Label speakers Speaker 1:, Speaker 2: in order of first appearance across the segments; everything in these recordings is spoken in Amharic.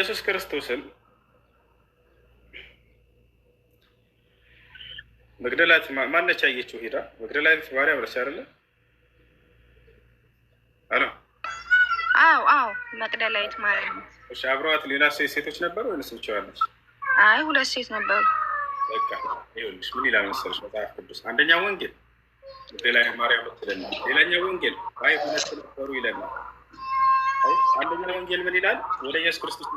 Speaker 1: ኢየሱስ ክርስቶስን መግደላት ማነች ያየችው? ሄዳ መግደላዊት ማርያም ረች አለ አሎ
Speaker 2: አዎ፣ አዎ መቅደላዊት ማርያም።
Speaker 1: እሺ፣ አብረዋት ሌላ ሴት ሴቶች ነበሩ ወይንስ ብቻዋለች?
Speaker 2: አይ ሁለት ሴት ነበሩ።
Speaker 1: በቃ ይኸውልሽ ምን ይላል መሰለሽ መጽሐፍ ቅዱስ አንደኛው ወንጌል መግደላዊት ማርያም ትለናል፣ ሌላኛው ወንጌል አይ ሁለት ነበሩ ይለናል። አንደኛው ወንጌል ምን ይላል? ወደ ኢየሱስ ክርስቶስ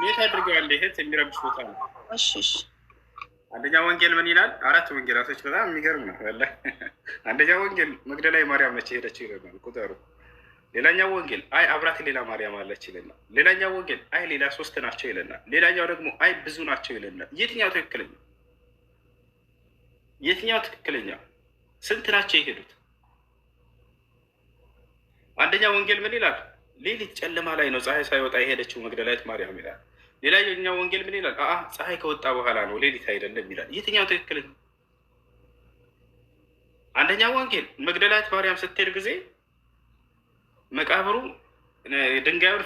Speaker 1: ሜት አድርገዋል። ይሄ የሚረብሽ ቦታ ነው። አንደኛ ወንጌል ምን ይላል? አራት ወንጌላቶች በጣም የሚገርም ነው። አንደኛ ወንጌል መግደላዊ ማርያም ነች ሄደች ይለናል ቁጠሩ ሌላኛው ወንጌል አይ አብራት ሌላ ማርያም አለች ይለናል። ሌላኛው ወንጌል አይ ሌላ ሶስት ናቸው ይለናል። ሌላኛው ደግሞ አይ ብዙ ናቸው ይለናል። የትኛው ትክክለኛ? የትኛው ትክክለኛ? ስንት ናቸው የሄዱት? አንደኛ ወንጌል ምን ይላል? ሌሊት ጨለማ ላይ ነው ፀሐይ ሳይወጣ የሄደችው መግደላዊት ማርያም ይላል። ሌላኛው ወንጌል ምን ይላል? አ ፀሐይ ከወጣ በኋላ ነው ሌሊት አይደለም ይላል። የትኛው ነው? አንደኛ ወንጌል መግደላዊት ማርያም ስትሄድ ጊዜ መቃብሩ ድንጋዩን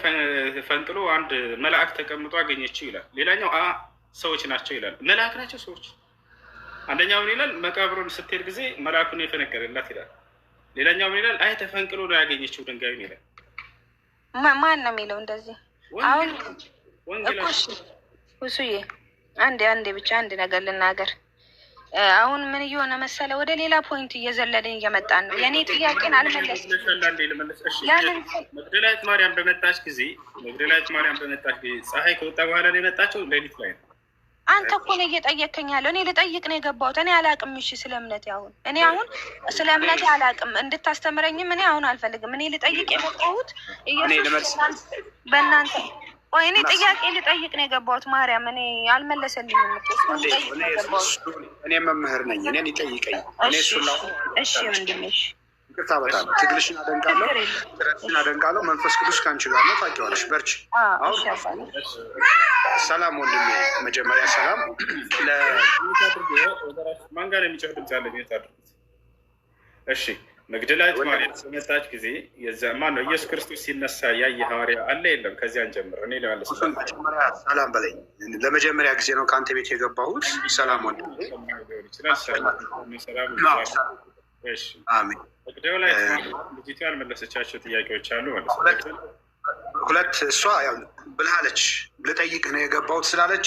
Speaker 1: ፈንቅሎ አንድ መልአክ ተቀምጦ አገኘችው ይላል። ሌላኛው አ ሰዎች ናቸው ይላል። መልአክ ናቸው ሰዎች። አንደኛው ምን ይላል? መቃብሩን ስትሄድ ጊዜ መልአኩን የፈነቀለላት ይላል። ሌላኛው ምን ይላል? አይ ተፈንቅሎ ነው ያገኘችው ድንጋዩ ይላል።
Speaker 2: ማን ነው የሚለው እንደዚህ? አሁን እሱዬ አንዴ አንዴ ብቻ አንድ ነገር ልናገር። አሁን ምን እየሆነ መሰለ፣ ወደ ሌላ ፖይንት እየዘለልን እየመጣን ነው። የእኔ ጥያቄን አልመለስም።
Speaker 1: መግደላዊት ማርያም በመጣች ጊዜ መግደላዊት ማርያም በመጣች ጊዜ ፀሐይ ከወጣ በኋላ ነው የመጣቸው ሌሊት ላይ ነው
Speaker 2: አንተ እኮ ነው እየጠየቀኝ ያለው። እኔ ልጠይቅ ነው የገባሁት። እኔ አላቅም። እሺ፣ ስለ እምነቴ አሁን እኔ አሁን ስለ እምነቴ አላቅም። እንድታስተምረኝም እኔ አሁን አልፈልግም። እኔ ልጠይቅ የመጣሁት በእናንተ ወይ እኔ ጥያቄ ልጠይቅ ነው የገባሁት። ማርያም እኔ አልመለሰልኝም።
Speaker 1: እኔ መምህር ነኝ። እኔ ሊጠይቀኝ
Speaker 2: እኔ እሺ ወንድም፣
Speaker 1: ቅርታ ነው። ትግልሽን አደንቃለሁ፣ ጥረትሽን አደንቃለሁ። መንፈስ ቅዱስ ከአንቺ ጋር ነው። ታውቂዋለሽ፣ በርች። ሰላም ወንድሜ፣ መጀመሪያ ሰላም። ማን ጋር የሚጮህ ድምፅ አለ? ቤት አድርጉት። እሺ፣ መግደላዊት ማርያም በመጣች ጊዜ ማን ነው ኢየሱስ ክርስቶስ ሲነሳ ያየ ሐዋርያ አለ የለም? ከዚያን ጀምር እኔ ለማለት ሰላም በለኝ። ለመጀመሪያ ጊዜ ነው ከአንተ ቤት የገባሁት። ሰላም ወንድሜ። ሰላም አሜን ቪዲዮ ላይ ልጅቱ ያልመለሰቻቸው ጥያቄዎች አሉ ሁለት እሷ ብልሃለች ልጠይቅህ ነው የገባሁት ስላለች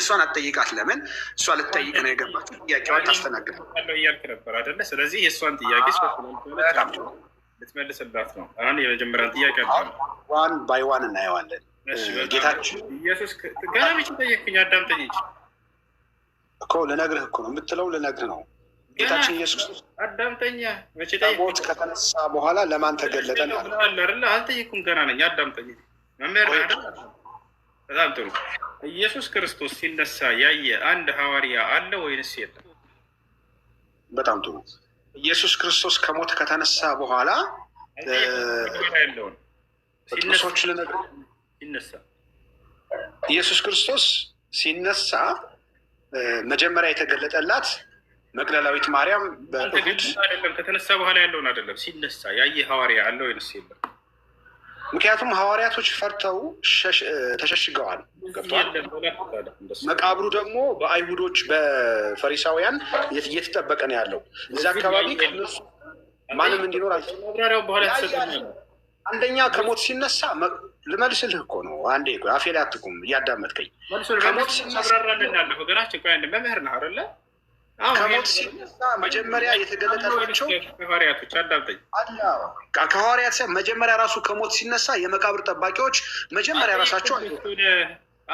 Speaker 1: እሷን አትጠይቃት። ለምን እሷ ልትጠይቅ ነው የገባት ጥያቄዋን ታስተናግዳል እያልክ ነበር አይደለ? ስለዚህ የእሷን ጥያቄ ልትመልስላት ነው። አሁን የመጀመሪያን ጥያቄ ዋን ባይ ዋን እናየዋለን። ጌታችን ኢየሱስ ገና ብቻ ጠየቅኝ፣ አዳምጠኝ እኮ ልነግርህ እኮ ነው የምትለው ልነግርህ ነው ጌታችን ኢየሱስ አዳምጠኛ ከሞት ከተነሳ በኋላ ለማን ተገለጠ? አልጠየኩም፣ ገና ነኝ። አዳምጠኛ መምህር። በጣም ጥሩ። ኢየሱስ ክርስቶስ ሲነሳ ያየ አንድ ሐዋርያ አለ ወይንስ የለም? በጣም ጥሩ። ኢየሱስ ክርስቶስ ከሞት ከተነሳ በኋላ ያለውን ልነግርህ፣ ሲነሳ ኢየሱስ ክርስቶስ ሲነሳ መጀመሪያ የተገለጠላት መቅደላዊት ማርያም አይደለም ከተነሳ በኋላ ያለውን አይደለም፣ ሲነሳ ያየ ሐዋርያ አለው ወይንስ የለም? ምክንያቱም ሐዋርያቶች ፈርተው ተሸሽገዋል። መቃብሩ ደግሞ በአይሁዶች በፈሪሳውያን እየተጠበቀ ነው ያለው። እዚ አካባቢ ከነሱ ማንም እንዲኖር አንደኛ ከሞት ሲነሳ ልመልስልህ እኮ ነው። አንዴ አፌ ላይ አትቁም እያዳመጥከኝ ከሞት ሲነሳ ሀገራችን አይደለ ከሞት ሲነሳ መጀመሪያ የተገለጠላቸው ሐዋርያቶች አዳምጠኝ። መጀመሪያ ራሱ ከሞት ሲነሳ የመቃብር ጠባቂዎች መጀመሪያ ራሳቸው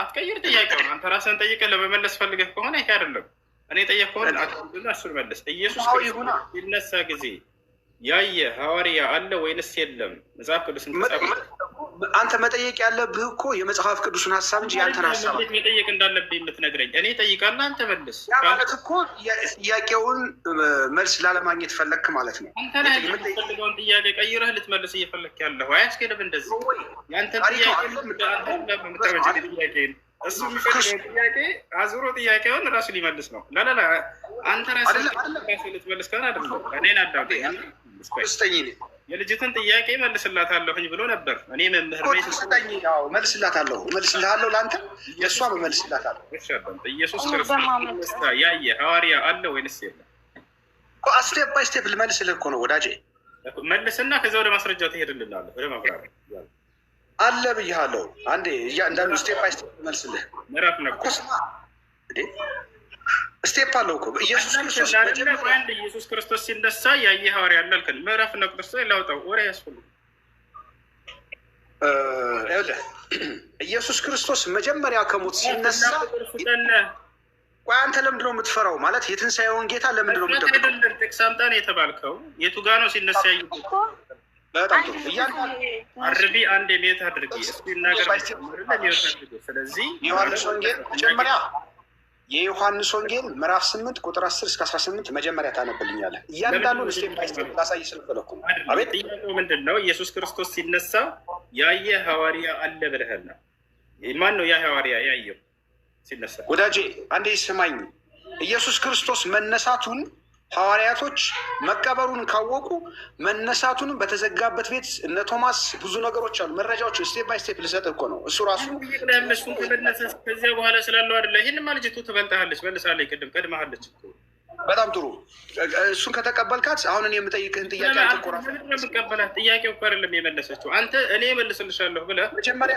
Speaker 1: አትቀይር። ጥያቄውን አንተ ራስህን ጠይቀህ ለመመለስ ፈልገህ ከሆነ ይሄ አይደለም። እኔ ጠየቅከውን እሱን መለስ። ኢየሱስ ሲነሳ ጊዜ ያየ ሐዋርያ አለ ወይንስ የለም? መጽሐፍ ቅዱስን አንተ መጠየቅ ያለብህ እኮ የመጽሐፍ ቅዱስን ሀሳብ እንጂ ያንተን ሀሳብ መጠየቅ እንዳለብህ የምትነግረኝ እኔ ጠይቃና አንተ መልስ። ያ ማለት እኮ ጥያቄውን መልስ ላለማግኘት ፈለግክ ማለት ነው። አንተ ጥያቄ ቀይረህ ልትመልስ እየፈለግክ ያለሁ አያስኬድም። እንደዚህ ያንተ ጥያቄ እሱ የሚፈልገው ጥያቄ አዙሮ ጥያቄውን ራሱ ሊመልስ ነው። አንተ ራስህ ልትመልስ ከሆነ እኔን የልጅትን ጥያቄ መልስላት ብሎ ነበር። እኔ መምህር መልስላት አለሁ መልስላት ለአንተ የእሷ ኢየሱስ ክርስቶስ ያየ ሐዋርያ አለ ወይንስ የለም? ባይ ስቴፕ ልመልስልህ እኮ ነው ወዳጄ። መልስና ከዚያ ወደ ማስረጃ ትሄድልናለህ ወደ ማብራሪያ አለ ብያለው። አንዴ እያንዳንዱ ስቴፕ ባይ ስቴፕ መልስልህ እኮ ስማ፣ ስቴፕ አለው እኮ ኢየሱስ ክርስቶስ ሲነሳ ያየ ሐዋርያ አላልክን? ምዕራፍ ነው ላውጣው ወሬ ያስፈሉ ኢየሱስ ክርስቶስ መጀመሪያ ከሞት ሲነሳ ቆይ አንተ ለምንድን ነው የምትፈራው? ማለት የትንሣኤውን ጌታ ለምንድን ነው የምትደብቀው? ጥቅስ አምጣ ነው የተባልከው። የቱ ጋ ነው ሲነሳ ያየ በጣም ጥሩ አርቢ አንድ የሚወት አድርጊ ስለዚህ ዮሐንስ ወንጌል መጀመሪያ የዮሐንስ ወንጌል ምዕራፍ ስምንት ቁጥር አስር እስከ አስራ ስምንት መጀመሪያ ታነብልኛለህ። እያንዳንዱን ስቴፕ ባይ ስቴፕ ላሳይ ስለፈለኩ አቤት። ጥያቄው ምንድን ነው? ኢየሱስ ክርስቶስ ሲነሳ ያየ ሐዋርያ አለ ብለሃል ነው። ማን ነው ያ ሐዋርያ ያየው ሲነሳ? ወዳጄ አንዴ ስማኝ። ኢየሱስ ክርስቶስ መነሳቱን ሐዋርያቶች መቀበሩን ካወቁ መነሳቱንም በተዘጋበት ቤት እነ ቶማስ ብዙ ነገሮች አሉ። መረጃዎች ስቴፕ ባይ ስቴፕ ልሰጥ እኮ ነው። እሱ ራሱ ከዚያ በኋላ ስላለው አይደለ። ይህንማ ልጅቱ ትበልጣለች፣ መልሳለች። ቅድም ቀድማለች እኮ በጣም ጥሩ። እሱን ከተቀበልካት አሁን እኔ የምጠይቅህን ጥያቄ አንተ ጥያቄ ራስህ እኮ አይደለም የመለሰችው። አንተ እኔ እመልስልሻለሁ ብለህ መጀመሪያ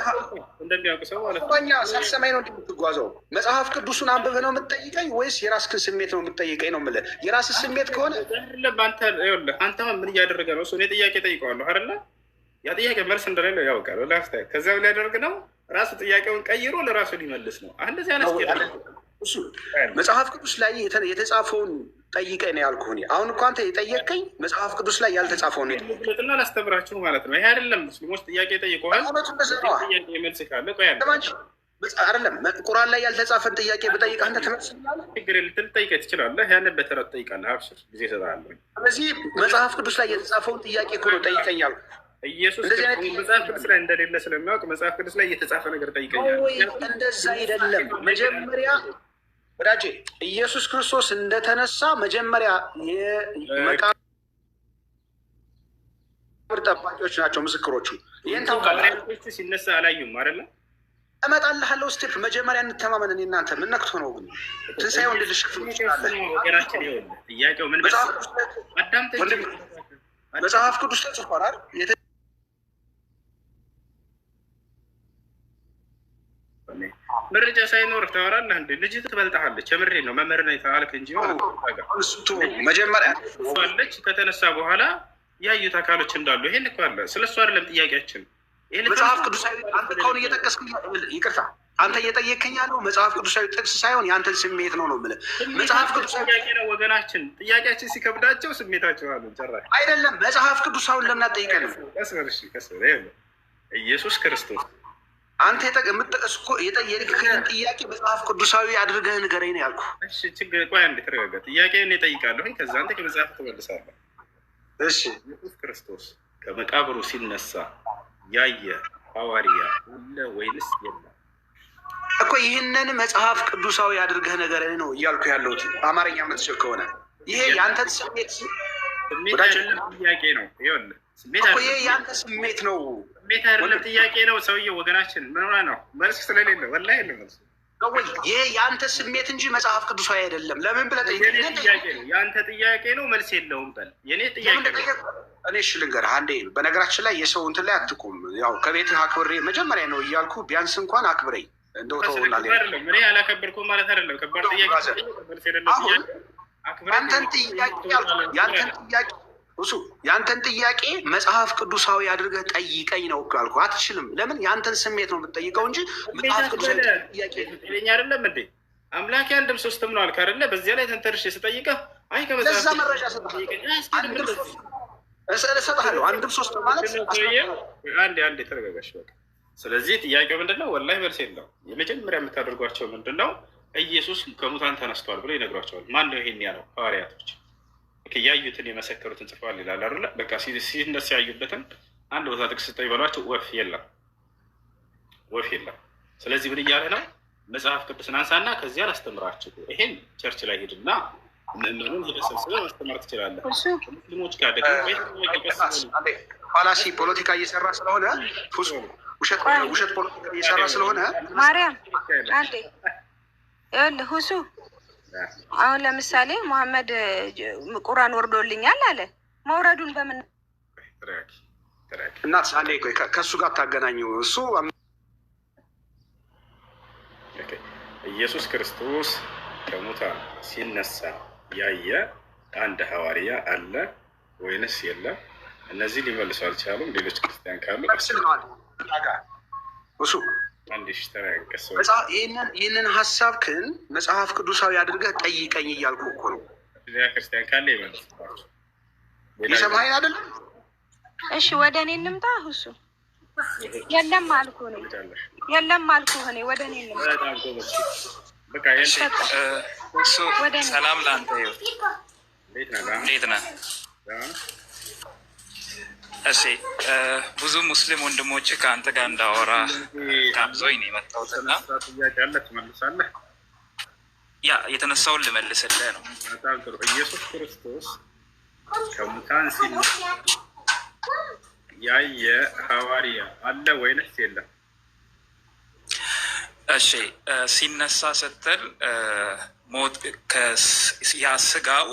Speaker 1: እንደሚያውቅ ሰው ማለት ነው ሳትሰማኝ ነው እንደምትጓዘው። መጽሐፍ ቅዱሱን አንብበህ ነው የምትጠይቀኝ ወይስ የራስህን ስሜት ነው የምትጠይቀኝ ነው የምልህ። የራስህ ስሜት ከሆነ አንተ አንተ ምን እያደረገ ነው እሱ? እኔ ጥያቄ ጠይቀዋለሁ አይደለ? ያ ጥያቄ መልስ እንደሌለው ያውቃል። ከዚያ ሊያደርግ ነው ራሱ ጥያቄውን ቀይሮ ለራሱ ሊመልስ ነው። እንደዚህ አይነት እሱ መጽሐፍ ቅዱስ ላይ የተጻፈውን ጠይቀኝ ነው ያልኩህ። እኔ አሁን እኮ አንተ የጠየቀኝ መጽሐፍ ቅዱስ ላይ ያልተጻፈውን ጥና ላስተምራችሁ ማለት ነው። ይሄ አይደለም ሙስሊሞች ጥያቄ ጠይቀዋል። መልስ ቁርአን ላይ ያልተጻፈን ጥያቄ በጠይቀህ አንተ ትመስላለህ። ችግር ልትል ጠይቀህ ትችላለህ። ያን በተረት ጠይቃለህ። አብሽር ጊዜ እሰጥሃለሁ። ስለዚህ መጽሐፍ ቅዱስ ላይ የተጻፈውን ጥያቄ ክሎ ነው ጠይቀኝ ያልኩህ ኢየሱስ መጽሐፍ ቅዱስ ላይ እንደሌለ ስለሚያውቅ መጽሐፍ ቅዱስ ላይ እየተጻፈ ነገር ጠይቀኛል። እንደዛ አይደለም። መጀመሪያ ወዳጄ ኢየሱስ ክርስቶስ እንደተነሳ መጀመሪያ የመቃብር ጠባቂዎች ናቸው ምስክሮቹ። ይህን ታውቃለህ። ሲነሳ አላዩም አይደለ? እመጣልሃለሁ ስቴፕ መጀመሪያ እንተማመን። እኔ እናንተ ምን ነክቶ ነው ግን ትንሳኤው እንድልሽ ክፍል መጽሐፍ ቅዱስ ተጽፏል። መረጃ ሳይኖርህ ታወራለህ እንዴ? ልጅ ትበልጣለች። የምሬ ነው። መምህር ነኝ አልክ እንጂ መጀመሪያ አለች። ከተነሳ በኋላ ያዩት አካሎች እንዳሉ ይሄን እኮ አለ። ስለ እሱ አይደለም ጥያቄያችን። መጽሐፍ ቅዱሳዊ ሁን እየጠቀስክ ይቅርታ፣ አንተ እየጠየከኝ ያለው መጽሐፍ ቅዱሳዊ ጥቅስ ሳይሆን የአንተን ስሜት ነው ነው የምልህ። መጽሐፍ ቅዱሳዊ ነው ወገናችን። ጥያቄያችን ሲከብዳቸው ስሜታቸው አሉ። ጨራሽ አይደለም። መጽሐፍ ቅዱሳውን ለምን አትጠይቀንም? ቀስ በል እሺ፣ ቀስ በል። ኢየሱስ ክርስቶስ አንተ የጠየቅከን ጥያቄ መጽሐፍ ቅዱሳዊ አድርገህ ንገረኝ ነው ያልኩ። ችግር ቆይ አንዴ ተረጋጋ። ጥያቄውን እጠይቃለሁ፣ ከዛ አንተ ከመጽሐፍ ትመልሳለህ። እሺ ኢየሱስ ክርስቶስ ከመቃብሩ ሲነሳ ያየ ሐዋርያ አለ ወይንስ የለም? እኮ ይህንን መጽሐፍ ቅዱሳዊ አድርገህ ንገረኝ ነው እያልኩ ያለሁት። በአማርኛ የምትችል ከሆነ ይሄ የአንተን ስሜት ስሜት ጥያቄ ነው። ይሄ የአንተ ስሜት ነው ሜታ አይደለም ጥያቄ ነው። ሰውዬው ወገናችን ምን ሆነህ ነው? መልስ ስለሌለ ወላሂ የለም መልስ ይሄ የአንተ ስሜት እንጂ መጽሐፍ ቅዱሳዊ አይደለም። ለምን ብለህ ጥያቄ ነው። የአንተ ጥያቄ ነው፣ መልስ የለውም። በል የኔ ጥያቄ ነው። እኔ እሺ ልንገርህ አንዴ። በነገራችን ላይ የሰው እንትን ላይ አትቁም። ያው ከቤትህ አክብሬ መጀመሪያ ነው እያልኩ ቢያንስ እንኳን አክብረኝ እንደው ተውና እኔ አላከበርኩም ማለት አይደለም። ከባድ ጥያቄ አሁን አንተን ጥያቄ ያንተን ጥያቄ እሱ ያንተን ጥያቄ መጽሐፍ ቅዱሳዊ አድርገህ ጠይቀኝ ነው ካልኩ፣ አትችልም። ለምን ያንተን ስሜት ነው የምትጠይቀው እንጂ መጽሐፍ ቅዱሳዊ ጥያቄ ለኛ አይደለም እንዴ። አምላክ አንድም ሶስትም ነው አልክ አይደለ? በዚያ ላይ ተንተርሽ ስጠይቀህ አይ ከመጽሐፍ መረጃ ሰጠለሁ አንድም ሶስት ማለት አንዴ አንዴ ተረጋጋሽ በቃ። ስለዚህ ጥያቄው ምንድነው? ወላሂ መልስ የለውም። የመጀመሪያ የምታደርጓቸው ምንድነው? ኢየሱስ ከሙታን ተነስቷል ብሎ ይነግሯቸዋል። ማን ነው ይሄን ያለው? ሐዋርያቶች ያዩትን የመሰከሩትን ጽፈዋል ይላል አይደለ? በቃ ሲነስ ያዩበትን አንድ ቦታ ጥቅስ ስጠኝ በሏቸው ወፍ የለም ወፍ የለም። ስለዚህ ምን እያለ ነው? መጽሐፍ ቅዱስን አንሳና ከዚያ አስተምራችሁ። ይሄን ቸርች ላይ ሄድና ምእመኑን ሄደህ ሰብስበህ ማስተማር ትችላለህ። ሙስሊሞች ጋር ኋላሲ ፖለቲካ እየሰራ ስለሆነ ውሸት ፖለቲካ እየሰራ ስለሆነ
Speaker 2: ማርያም አንዴ ሁሱ አሁን ለምሳሌ መሐመድ ቁራን ወርዶልኛል አለ። መውረዱን በምን
Speaker 1: እናት አንዴ ቆይ፣ ከእሱ ጋር ታገናኙ። እሱ ኢየሱስ ክርስቶስ ከሙታን ሲነሳ ያየ አንድ ሐዋርያ አለ ወይንስ የለም? እነዚህ ሊመልሱ አልቻሉም። ሌሎች ክርስቲያን ካሉ እሱ ይህንን ሀሳብ ክን መጽሐፍ ቅዱሳዊ አድርገህ ጠይቀኝ እያልኩ እኮ ነው። የሰማይን አይደለም።
Speaker 2: እሺ ወደ እኔ እንምጣ። እሱ የለም አልኩ እኔ የለም አልኩ እኔ ወደ እኔ እንምጣ።
Speaker 1: ሰላም ለአንተ ይሁን። እንዴት ነህ? እሺ ብዙ ሙስሊም ወንድሞች ከአንተ ጋር እንዳወራ ጋብዞኝ ነው የመጣሁት ያ የተነሳውን ልመልስልህ ነው። ኢየሱስ ክርስቶስ ከሙታን ሲል ያየ ሐዋርያ አለ ወይንስ የለም? እሺ ሲነሳ ስትል ሞት ያ ስጋው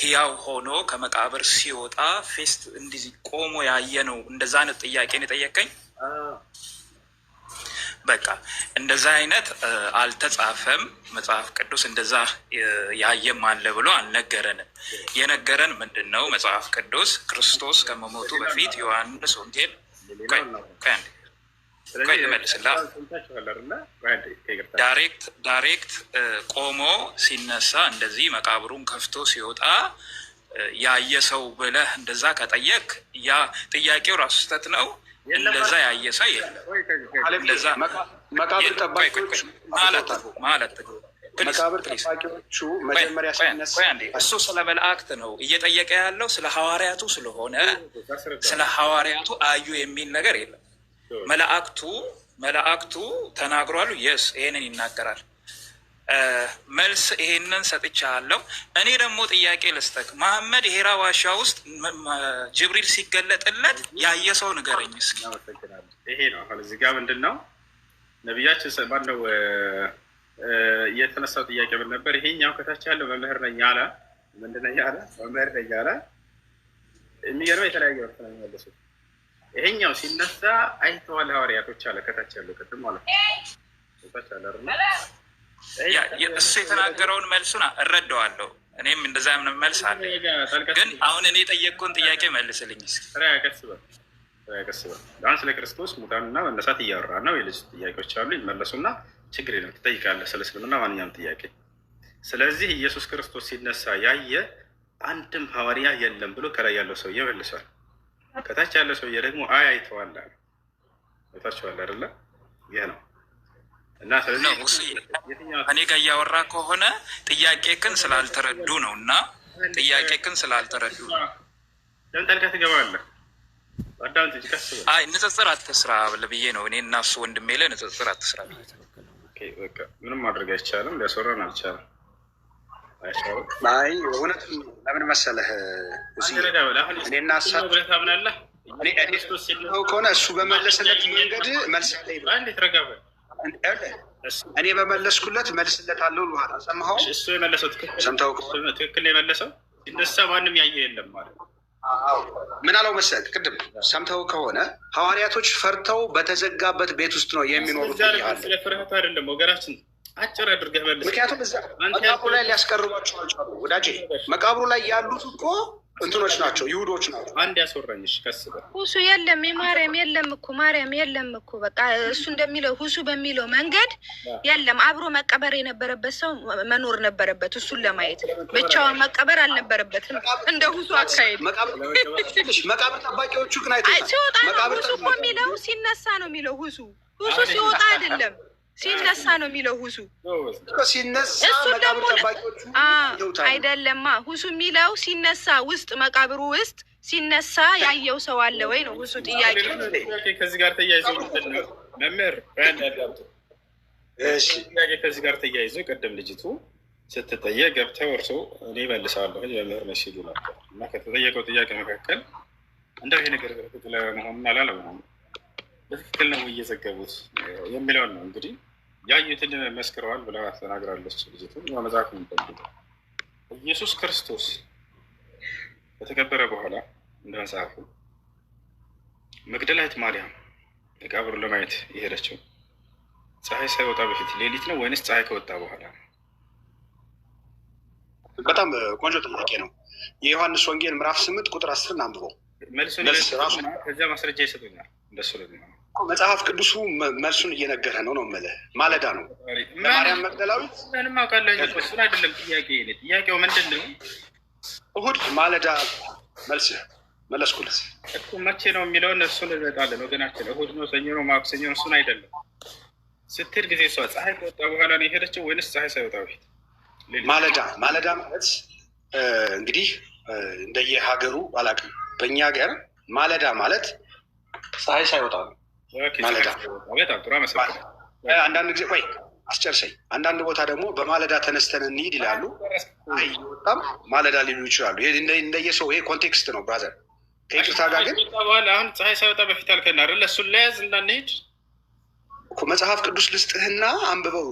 Speaker 1: ህያው ሆኖ ከመቃብር ሲወጣ ፌስት እንዲህ ቆሞ ያየ ነው። እንደዛ አይነት ጥያቄን የጠየቀኝ በቃ እንደዛ አይነት አልተጻፈም መጽሐፍ ቅዱስ እንደዛ ያየም አለ ብሎ አልነገረንም። የነገረን ምንድን ነው? መጽሐፍ ቅዱስ ክርስቶስ ከመሞቱ በፊት ዮሐንስ ወንጌል ዳይሬክት ዳይሬክት ቆሞ ሲነሳ እንደዚህ መቃብሩን ከፍቶ ሲወጣ ያየ ሰው ብለህ እንደዛ ከጠየቅ ያ ጥያቄው ራሱ ስህተት ነው። እንደዛ ያየ ሰው የለም። መቃብር ጠባቂዎች ማለት መቃብር ጠባቂዎቹ መጀመሪያ ሲነሳ እሱ ስለ መላእክት ነው እየጠየቀ ያለው፣ ስለ ሐዋርያቱ ስለሆነ ስለ ሐዋርያቱ አዩ የሚል ነገር የለም። መላእክቱ መላእክቱ ተናግሯሉ። የስ ይሄንን ይናገራል። መልስ ይሄንን ሰጥቻለሁ። እኔ ደግሞ ጥያቄ ልስጠቅ። መሐመድ ሄራ ዋሻ ውስጥ ጅብሪል ሲገለጥለት ያየ ሰው ንገረኝ እስኪ። ይሄ ነው አሁን እዚህ ጋር ምንድን ነው ነቢያችን ማነው የተነሳው ጥያቄ ምን ነበር? ይሄኛው ከታች ያለው መምህር ነኝ አለ። ምንድን ነኝ አለ? መምህር ነኝ አለ። የሚገርመው የተለያየ ወቅት ነው የሚመለሱት ይሄኛው ሲነሳ አይተዋል ሐዋርያቶች አለ ከታች ያለው ቅድም ማለት ነው። እሱ የተናገረውን መልሱን እረዳዋለሁ። እኔም እንደዛ ምንም መልስ አለ። ግን አሁን እኔ የጠየቅኩን ጥያቄ መልስልኝ እስኪ። አሁን ስለ ክርስቶስ ሙታንና መነሳት እያወራ ነው። የልጅ ጥያቄዎች አሉ ይመለሱና ችግር የለም ትጠይቃለህ፣ ስለ እስልምና ማንኛውም ጥያቄ። ስለዚህ ኢየሱስ ክርስቶስ ሲነሳ ያየ አንድም ሐዋርያ የለም ብሎ ከላይ ያለው ሰውዬ መልሷል። ከታች ያለ ሰውዬ ደግሞ አይ አይተዋል አለ። አይታችኋል አይደለ? ይህ ነው እና እኔ ጋር እያወራ ከሆነ ጥያቄ ክን ስላልተረዱ ነው እና ጥያቄ ክን ስላልተረዱ ለምን ጠልቀህ ትገባለህ? አይ ንጽጽር አትስራ ብዬ ነው እኔ እና እሱ ወንድሜ ላይ ንጽጽር አትስራ። ምንም ማድረግ አይቻልም። ሊያስወራን አልቻለም። እውነት ለምን መሰለህ እኔና ከሆነ እሱ በመለስለት መንገድ እኔ በመለስኩለት መልስለት አለው ልል ሰማኸው። እሱ የመለሰው ትክክል የመለሰው ሲነሳ ማንም ያየ የለም ማለት ምን አለው መሰለህ፣ ቅድም ሰምተው ከሆነ ሐዋርያቶች ፈርተው በተዘጋበት ቤት ውስጥ ነው የሚኖሩት። ስለ ፍርሃት አይደለም ወገናችን አጭር አድርገህ መልስ። ምክንያቱም እዛ መቃብሩ ላይ ሊያስቀርባቸው አልቻሉ። ወዳጄ መቃብሩ ላይ ያሉት እኮ እንትኖች ናቸው፣ ይሁዶች ናቸው። አንድ ያስወራኝሽ ከስ ሁሱ የለም የማርያም የለም እኮ ማርያም የለም እኮ በቃ እሱ እንደሚለው ሁሱ በሚለው መንገድ የለም። አብሮ መቀበር የነበረበት ሰው መኖር ነበረበት፣ እሱን ለማየት ብቻውን መቀበር አልነበረበትም። እንደ ሁሱ አካሄድ መቃብር ጠባቂዎቹ ግን አይተውታል። ሲወጣ ነው ሁሱ እኮ የሚለው ሲነሳ ነው የሚለው ሁሱ ሁሱ ሲወጣ አይደለም ሲነሳ ነው የሚለው ሁሱ። እሱን ደግሞ አይደለማ ሁሱ የሚለው ሲነሳ ውስጥ መቃብሩ ውስጥ ሲነሳ ያየው ሰው አለ ወይ ነው ሁሱ ጥያቄ። ከዚህ ጋር ተያይዞ መምህር ጥያቄ ከዚህ ጋር ተያይዞ ቅድም ልጅቱ ስትጠየቅ ገብተ እርሶ እኔ መልሰዋለሁ መምህር ነሽ ይሉ ነበር እና ከተጠየቀው ጥያቄ መካከል እንደው ይሄ ነገር ለመሆኑን አላለመሆኑ በትክክል ነው እየዘገቡት የሚለውን ነው እንግዲህ ያዩትን መስክረዋል ብላ ተናግራለች። ልጅቱ መጽሐፍ የሚፈልገ ኢየሱስ ክርስቶስ በተከበረ በኋላ እንደ መጽሐፉ መግደላዊት ማርያም መቃብሩ ለማየት የሄደችው ፀሐይ ሳይወጣ በፊት ሌሊት ነው ወይንስ ፀሐይ ከወጣ በኋላ? በጣም ቆንጆ ጥያቄ ነው። የዮሐንስ ወንጌል ምዕራፍ ስምንት ቁጥር አስርን አንብበው መልሱን ከዚያ ማስረጃ ይሰጡኛል እንደሱ መጽሐፍ ቅዱሱ መልሱን እየነገረ ነው ነው የምልህ። ማለዳ ነው ማርያም መቅደላዊት ምንም አውቃለሁ። እሱን አይደለም ጥያቄ ነ ጥያቄው ምንድን ነው? እሁድ ማለዳ መልስ መለስኩልህ። መቼ ነው የሚለውን እሱን እንረጣለን ወገናችን። እሁድ ነው፣ ሰኞ ነው፣ ማክሰኞ ነው፣ እሱን አይደለም ስትል ጊዜ እሷ ፀሐይ ከወጣ በኋላ ነው የሄደችው ወይንስ ፀሐይ ሳይወጣ በፊት? ማለዳ ማለዳ ማለት እንግዲህ እንደየሀገሩ አላውቅም። በእኛ ሀገር ማለዳ ማለት ፀሐይ ሳይወጣ ነው ማለዳ አንዳንድ ጊዜ ቆይ አስጨርሰኝ። አንዳንድ ቦታ ደግሞ በማለዳ ተነስተን እንሂድ ይላሉ። በጣም ማለዳ ሊሉ ይችላሉ። እንደየሰው ይሄ ኮንቴክስት ነው ብራዘር። ከይቅርታ ጋር ግን አሁን ፀሐይ ሳይወጣ በፊት አልከና አይደል? እሱን ለያዝ እንዳንሄድ እኮ መጽሐፍ ቅዱስ ልስጥህና አንብበው።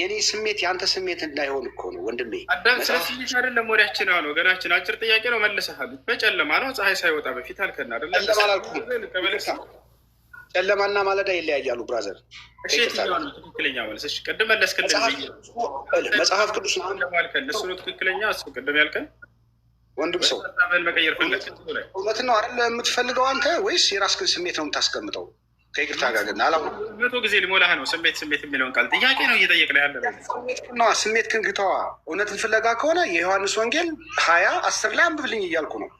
Speaker 1: የኔ ስሜት የአንተ ስሜት እንዳይሆን እኮ ነው ወንድሜ። አዳም ስለ ስሜት አይደለም ወሬያችን፣ አሁን ወገናችን፣ አጭር ጥያቄ ነው መልሰሃል። በጨለማ ነው ፀሐይ ሳይወጣ በፊት አልከና አልከን አይደል? ጨለማና ማለዳ ይለያያሉ። ብራዘር ትክክለኛ መልስ ቅድም መጽሐፍ ቅዱስ እሱ ነው ትክክለኛ እሱ ቅድም ያልከን ወንድም ሰው እውነት ነው አይደል የምትፈልገው አንተ ወይስ የራስህን ስሜት ነው የምታስቀምጠው? ከይቅርታ ጋር ግን አላ መቶ ጊዜ ሊሞላህ ነው። ስሜት ስሜት የሚለውን ቃል ጥያቄ ነው እየጠየቅን ያለ ነው። ስሜት ክንግተዋ እውነትን ፍለጋ ከሆነ የዮሐንስ ወንጌል ሀያ አስር ላይ አንብብልኝ እያልኩ ነው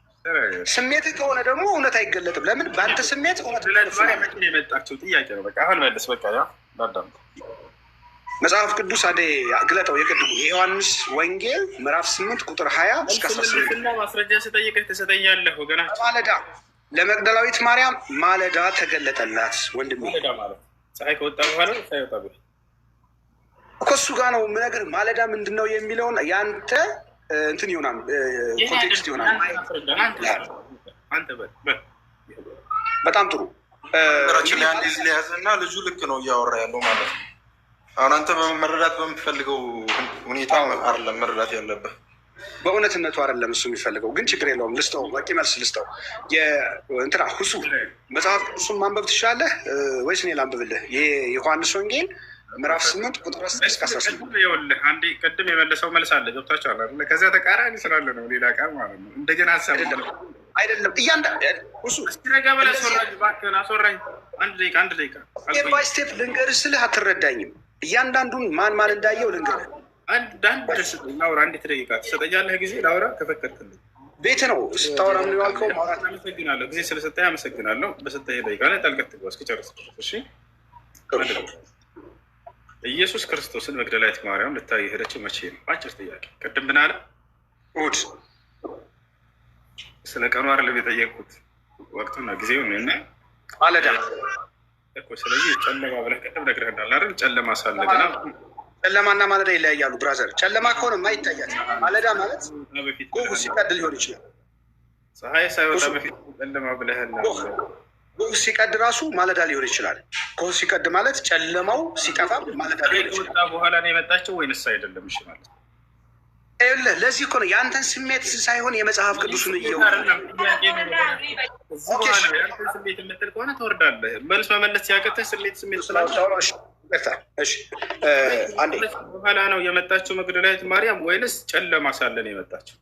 Speaker 1: ስሜት ከሆነ ደግሞ እውነት አይገለጥም። ለምን በአንተ ስሜት እውነት የመጣችው ጥያቄ ነው። አሁን በቃ መጽሐፍ ቅዱስ አደ ግለጠው የቅድሙ የዮሐንስ ወንጌል ምዕራፍ ስምንት ቁጥር ሀያ እስከስና ማስረጃ ማለዳ ማርያም ማለዳ ተገለጠላት። ወንድሜ ፀሐይ ከወጣ በኋላ እኮ እሱ ነው የምነግርህ። ማለዳ ምንድን ነው የሚለውን ያንተ እንትን ይሆናል ኮንቴክስት ይሆናል። በጣም ጥሩ ራችን አንድ ሊያዝ እና ልጁ ልክ ነው እያወራ ያለው ማለት ነው። አሁን አንተ መረዳት በምትፈልገው ሁኔታ አይደለም መረዳት ያለበት በእውነትነቱ አይደለም እሱ የሚፈልገው ግን ችግር የለውም። ልስጠው በቂ መልስ ልስጠው። እንትና ሁሱ መጽሐፍ ቅዱሱን ማንበብ ትችላለህ ወይስ እኔ ላንብብልህ? ይሄ ዮሐንስ ወንጌል ምዕራፍ ስምንት ቁጥር ይኸውልህ አንዴ ቅድም የመለሰው መልስ አለ ገብቷቸዋል አለ ከዚያ ተቃራኒ ስላለ ነው ሌላ ቃል ማለት ነው እንደገና ሀሳብ አይደለም እያንዳንዳስረኝ አንድ ደቂቃ አንድ ደቂቃ ስቴፕ ባይ ስቴፕ ልንገርህ ስልህ አትረዳኝም እያንዳንዱን ማን ማን እንዳየው ልንገርህ አንድ ላውራ አንዴ ትደቂቃ ትሰጠኛለህ ጊዜ ላውራ ከፈቀድክልኝ ቤት ነው ስታወራ ምን ያልከው ማውራት አመሰግናለሁ ጊዜ ስለሰጠኝ አመሰግናለሁ በሰጠኝ ደቂቃ ላይ ጠልቀት ትጓዝ እስኪ ጨርስ እሺ ኢየሱስ ክርስቶስን መግደላዊት ማርያም ልታይ የሄደችው መቼ ነው? አጭር ጥያቄ። ቅድም ምን አለ? እሑድ። ስለ ቀኑ አይደለም የጠየቁት ወቅቱና ጊዜው እና ማለዳ እኮ። ስለዚህ ጨለማ ብለህ ቅድም ነግረህናል አይደል? ጨለማ ሳለገና ጨለማና ማለዳ ይለያያሉ ብራዘር። ጨለማ ከሆነማ ይታያል። ማለዳ ማለት ጉጉ ሲቀድል ሊሆን ይችላል። ፀሐይ ሳይወጣ በፊት ጨለማ ብለህና ሲቀድ ራሱ ማለዳ ሊሆን ይችላል። ከሆን ሲቀድ ማለት ጨለማው ሲጠፋ ማለዳ ሊሆን ይችላል። በኋላ ነው የመጣቸው ወይ ንስ አይደለም? እሺ ማለት ይኸውልህ፣ ለዚህ እኮ ነው የአንተን ስሜት ሳይሆን የመጽሐፍ ቅዱስን እየሆንንትን ስሜት የምትል ከሆነ ትወርዳለህ። መልስ መመለስ ሲያቀተህ ስሜት ስሜት በኋላ ነው የመጣቸው መግደላዊት ማርያም ወይንስ ጨለማ ሳለን የመጣቸው?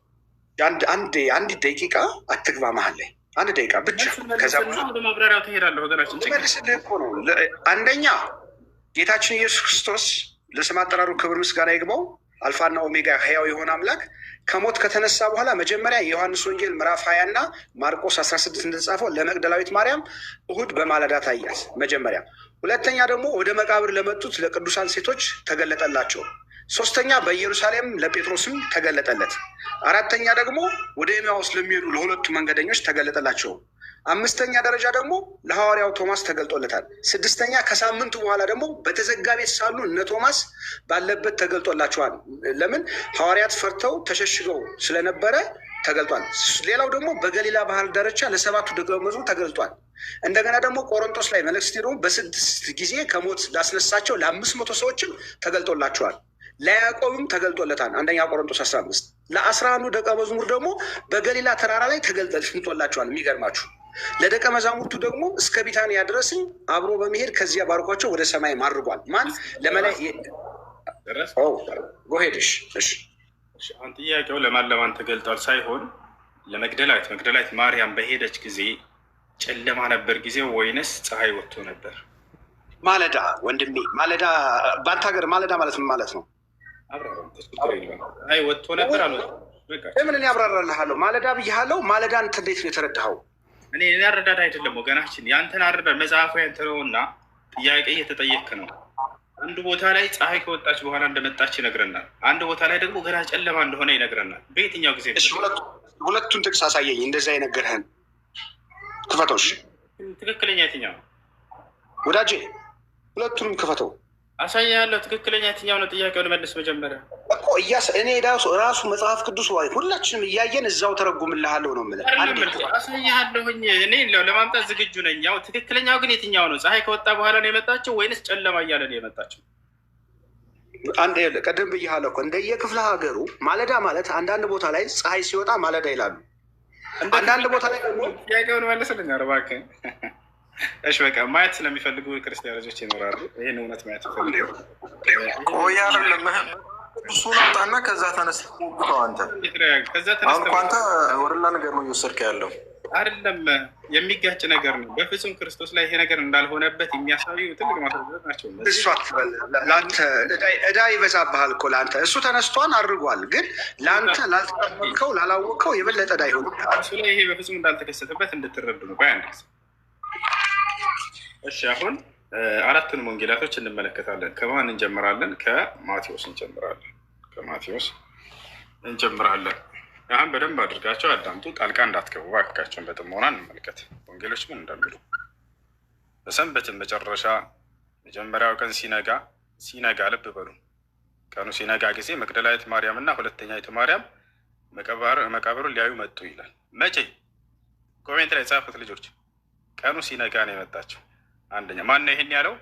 Speaker 1: አንድ አንድ ደቂቃ አትግባ መሀል ላይ አንድ ደቂቃ ብቻ ማብራሪያው ትሄዳለህ። ወገናችን መልስልህ እኮ ነው። አንደኛ ጌታችን ኢየሱስ ክርስቶስ ለስም አጠራሩ ክብር ምስጋና ይግባው፣ አልፋና ኦሜጋ ህያው የሆነ አምላክ ከሞት ከተነሳ በኋላ መጀመሪያ የዮሐንስ ወንጌል ምዕራፍ ሀያ እና ማርቆስ አስራ ስድስት እንደተጻፈው ለመቅደላዊት ማርያም እሁድ በማለዳ ታያት መጀመሪያ። ሁለተኛ ደግሞ ወደ መቃብር ለመጡት ለቅዱሳን ሴቶች ተገለጠላቸው። ሶስተኛ በኢየሩሳሌም ለጴጥሮስም ተገለጠለት። አራተኛ ደግሞ ወደ ኤማውስ ለሚሄዱ ለሁለቱ መንገደኞች ተገለጠላቸው። አምስተኛ ደረጃ ደግሞ ለሐዋርያው ቶማስ ተገልጦለታል። ስድስተኛ ከሳምንቱ በኋላ ደግሞ በተዘጋ ቤት ሳሉ እነ ቶማስ ባለበት ተገልጦላቸዋል። ለምን ሐዋርያት ፈርተው ተሸሽገው ስለነበረ ተገልጧል። ሌላው ደግሞ በገሊላ ባህር ዳርቻ ለሰባቱ ደቀ መዝሙር ተገልጧል። እንደገና ደግሞ ቆሮንቶስ ላይ መልእክት ደግሞ በስድስት ጊዜ ከሞት ላስነሳቸው ለአምስት መቶ ሰዎችም ተገልጦላቸዋል። ለያዕቆብም ተገልጦለታል። አንደኛ ቆሮንቶስ አስራ አምስት ለአስራ አንዱ ደቀ መዝሙር ደግሞ በገሊላ ተራራ ላይ ተገልጦላቸዋል። የሚገርማችሁ ለደቀ መዛሙርቱ ደግሞ እስከ ቢታንያ ድረስም አብሮ በመሄድ ከዚያ ባርኳቸው ወደ ሰማይ ማርጓል። ማን ለመላይ ጎሄድሽ ጥያቄው ለማን ለማን ተገልጧል ሳይሆን ለመግደላዊት መግደላዊት ማርያም በሄደች ጊዜ ጨለማ ነበር ጊዜው ወይንስ ፀሐይ ወጥቶ ነበር? ማለዳ ወንድሜ፣ ማለዳ በአንተ ሀገር ማለዳ ማለት ምን ማለት ነው? ለምን እኔ አብራራልሃለሁ። ማለዳ ብያለሁ። ማለዳን እንዴት ነው የተረዳኸው? እኔ እኔ አረዳድ አይደለም ወገናችን፣ ያንተን አረዳድ መጽሐፉ ያንተ ነው እና ጥያቄ እየተጠየክ ነው። አንድ ቦታ ላይ ፀሐይ ከወጣች በኋላ እንደመጣች ይነግረናል። አንድ ቦታ ላይ ደግሞ ገና ጨለማ እንደሆነ ይነግረናል። በየትኛው ጊዜ ሁለቱን ጥቅስ አሳየኝ። እንደዛ የነገርህን ክፈቶች ትክክለኛ የትኛው ወዳጄ? ሁለቱንም ክፈተው። አሳያለሁ። ትክክለኛ የትኛው ነው? ጥያቄውን መልስ። መጀመሪያ እኮ እያስ እኔ ራሱ ራሱ መጽሐፍ ቅዱስ ዋይ ሁላችንም እያየን እዛው ተረጉምልሃለሁ ነው የምልህ። አሳያለሁኝ እኔ ለማምጣት ዝግጁ ነኝ። ያው ትክክለኛው ግን የትኛው ነው? ፀሐይ ከወጣ በኋላ ነው የመጣችው ወይንስ ጨለማ እያለ ነው የመጣችው? አንድ ቀደም ብያለሁ እኮ እንደየክፍለ ሀገሩ ማለዳ ማለት አንዳንድ ቦታ ላይ ፀሐይ ሲወጣ ማለዳ ይላሉ፣ አንዳንድ ቦታ ላይ ጥያቄውን መልስልኝ እባክህ እሺ በቃ ማየት ስለሚፈልጉ ክርስቲያን ልጆች ይኖራሉ። ይህን እውነት ማየት ይፈልጉ። ቆይ አይደለም እሱን አውጣና ከዛ ተነስተህ አንተ አሁን ኳንተ ወደላ ነገር ነው እየወሰድክ ያለው አይደለም። የሚጋጭ ነገር ነው። በፍጹም ክርስቶስ ላይ ይሄ ነገር እንዳልሆነበት የሚያሳዩ ትልቅ ማስረጃ ናቸው። እሱ አትበል። ለአንተ እዳ ይበዛብሃል እኮ ለአንተ እሱ ተነስቷን አድርጓል፣ ግን ለአንተ ላልተቀበልከው ላላወቅከው የበለጠ እዳ ይሆንብሃል። እሱ ላይ ይሄ በፍጹም እንዳልተከሰተበት እንድትረዱ ነው። በአንድ ጊዜ እሺ አሁን አራቱንም ወንጌላቶች እንመለከታለን። ከማን እንጀምራለን? ከማቴዎስ እንጀምራለን። ከማቴዎስ እንጀምራለን። አሁን በደንብ አድርጋቸው አዳምጡ፣ ጣልቃ እንዳትገቡ እባካቸውን። በጥሞና እንመልከት ወንጌሎች ምን እንደሚሉ። በሰንበትን መጨረሻ መጀመሪያው ቀን ሲነጋ ሲነጋ፣ ልብ በሉ ቀኑ ሲነጋ ጊዜ መቅደላዊት ማርያም እና ሁለተኛይቱ ማርያም መቃብሩን ሊያዩ መጡ ይላል። መቼ? ኮሜንት ላይ የጻፉት ልጆች። ቀኑ ሲነጋ ነው የመጣቸው አንደኛ ማን ነው ይሄን ያለው?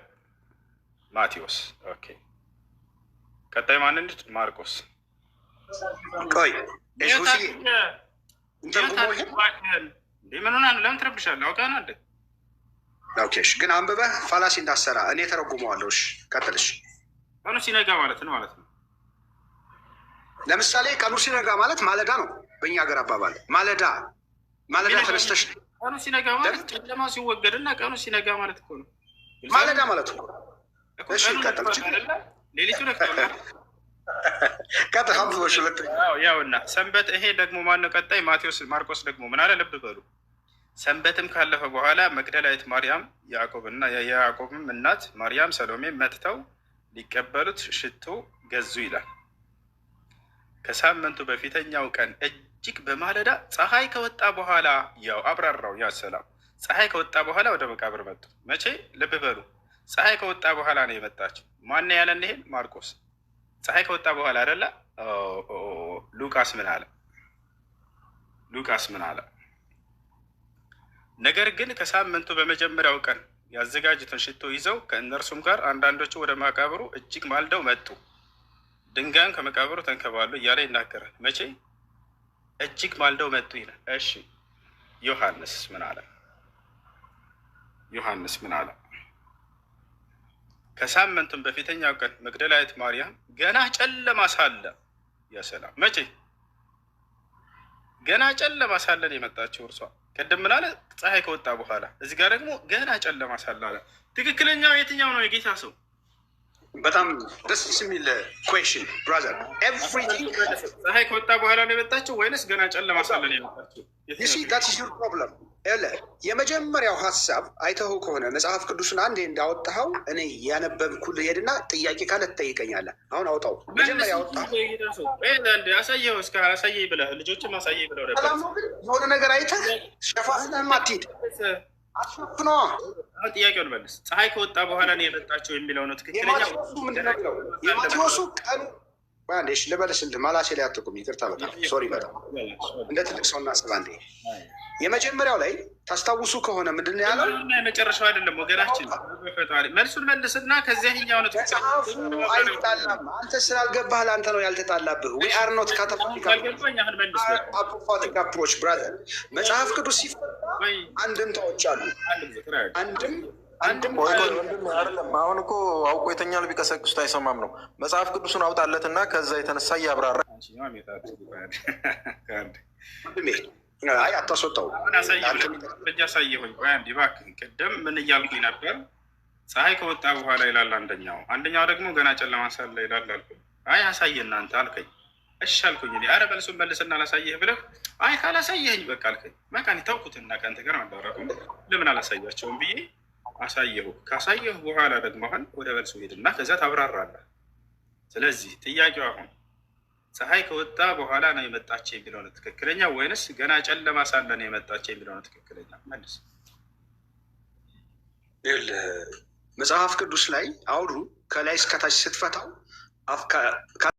Speaker 1: ማቴዎስ። ኦኬ ቀጣይ ማን እንድ ማርቆስ። ቆይ ምን ሆነህ ለምን ትረብሻለህ? አውቀህ ነው አይደል? ኦኬሽ ግን አንብበህ ፋላሲ እንዳሰራ እኔ ተረጉመዋለሁ። እሺ ቀጥል። ቀኑ ሲነጋ ማለት ነው ማለት ነው። ለምሳሌ ቀኑ ሲነጋ ማለት ማለዳ ነው በእኛ ሀገር አባባል ማለዳ ማለዳ ተነስተሽ ቀኑ ሲነጋ ማለት ጨለማ ሲወገድ እና ቀኑ ሲነጋ ማለት እኮ ነው። ማለዳ ማለት እኮ እሺ፣ ያውና ሰንበት ይሄ ደግሞ ማነው? ቀጣይ ማቴዎስ ማርቆስ ደግሞ ምን አለ? ልብ በሉ። ሰንበትም ካለፈ በኋላ መግደላዊት ማርያም ያዕቆብና የያዕቆብም እናት ማርያም ሰሎሜ መጥተው ሊቀበሉት ሽቶ ገዙ ይላል። ከሳምንቱ በፊተኛው ቀን እጅግ በማለዳ ፀሐይ ከወጣ በኋላ ያው አብራራው ያ ሰላም ፀሐይ ከወጣ በኋላ ወደ መቃብር መጡ። መቼ ልብ በሉ፣ ፀሐይ ከወጣ በኋላ ነው የመጣችው። ማን ያለን ይሄን? ማርቆስ። ፀሐይ ከወጣ በኋላ አይደለ? ሉቃስ ምን አለ? ሉቃስ ምን አለ? ነገር ግን ከሳምንቱ በመጀመሪያው ቀን ያዘጋጁትን ሽቶ ይዘው ከእነርሱም ጋር አንዳንዶቹ ወደ መቃብሩ እጅግ ማልደው መጡ፣ ድንጋይም ከመቃብሩ ተንከባሉ እያለ ይናገራል። መቼ እጅግ ማልደው መጡ ይላል። እሺ ዮሐንስ ምን አለ? ዮሐንስ ምን አለ? ከሳምንቱም በፊተኛው ቀን መግደላዊት ማርያም ገና ጨለማ ሳለ ያሰላም መቼ ገና ጨለማ ሳለን የመጣችው እርሷ ቅድም ምን አለ? ፀሐይ ከወጣ በኋላ እዚህ ጋር ደግሞ ገና ጨለማ ሳለ አለ። ትክክለኛው የትኛው ነው የጌታ ሰው በጣም ደስ የሚል ኩዌሽን ብራዘር። ኤቭሪቲንግ ፀሐይ ከወጣ በኋላ ነው የመጣችው ወይንስ ገና ጨለማ ሳለ ነው የመጣችው? ፕሮብለም ለ የመጀመሪያው ሀሳብ አይተው ከሆነ መጽሐፍ ቅዱስን አንዴ እንዳወጣኸው እኔ ያነበብኩል ሄድና ጥያቄ ካለ ትጠይቀኛለህ። አሁን አውጣው። መጀመሪያ አሳየኸው እስከ አሳየ ብለ ልጆችም አሳየ ብለው ነበር። የሆነ ነገር አይተህ ሸፋፍነህም ማትሄድ አሸፍነዋ ጥያቄውን መልስ። ፀሐይ ከወጣ በኋላ ነው የመጣቸው የሚለው ነው ትክክለኛ። የማቴዎሱ ቀኑ አንዴ እሺ እንድ ማላሴ ላይ አትቁም። ይቅርታ በጣም ሶሪ፣ በጣም እንደ ትልቅ ሰው እናስብ። አንዴ የመጀመሪያው ላይ ታስታውሱ ከሆነ ምንድን ነው ያለው? የመጨረሻው አይደለም ወገናችን፣ መልሱን መልስና ከዚያ ኛው ነው። አይጣላም። አንተ ስላልገባህ ለአንተ ነው ያልተጣላብህ። ዊ አር ኖት ካታፖቲክ አፕሮች ብራዘር። መጽሐፍ ቅዱስ ሲፈታ አንድምታዎች አሉ። አንድም አሁን እኮ አውቆ የተኛል ቢቀሰቅሱት አይሰማም ነው። መጽሐፍ ቅዱሱን አውጣለትና ከዛ የተነሳ እያብራራ አታስወጣው አሳየሁኝ። እባክህ ቅድም ምን እያልኩኝ ነበር? ፀሐይ ከወጣ በኋላ ይላል አንደኛው፣ አንደኛው ደግሞ ገና ጨለማ ሳለ ይላል አልኩ። አይ አሳይ እናንተ አልከኝ። እሺ አልኩኝ እኔ አረ በልሱን መልስና አላሳየህ ብለህ አይ ካላሳየህኝ በቃ አልከኝ። መቃኒ ተውኩትና ከአንተ ጋር መዳረቁ ለምን አላሳያቸውም ብዬ አሳየሁ። ካሳየሁ በኋላ ደግሞ አሁን ወደ መልሱ ሄድና ከዛ ታብራራለህ። ስለዚህ ጥያቄው አሁን ፀሐይ ከወጣ በኋላ ነው የመጣች የሚለው ነው ትክክለኛ ወይንስ ገና ጨለማ ሳለ ነው የመጣች የሚለው ነው ትክክለኛ? መልስ። መጽሐፍ ቅዱስ ላይ አውዱ ከላይ እስከታች ስትፈታው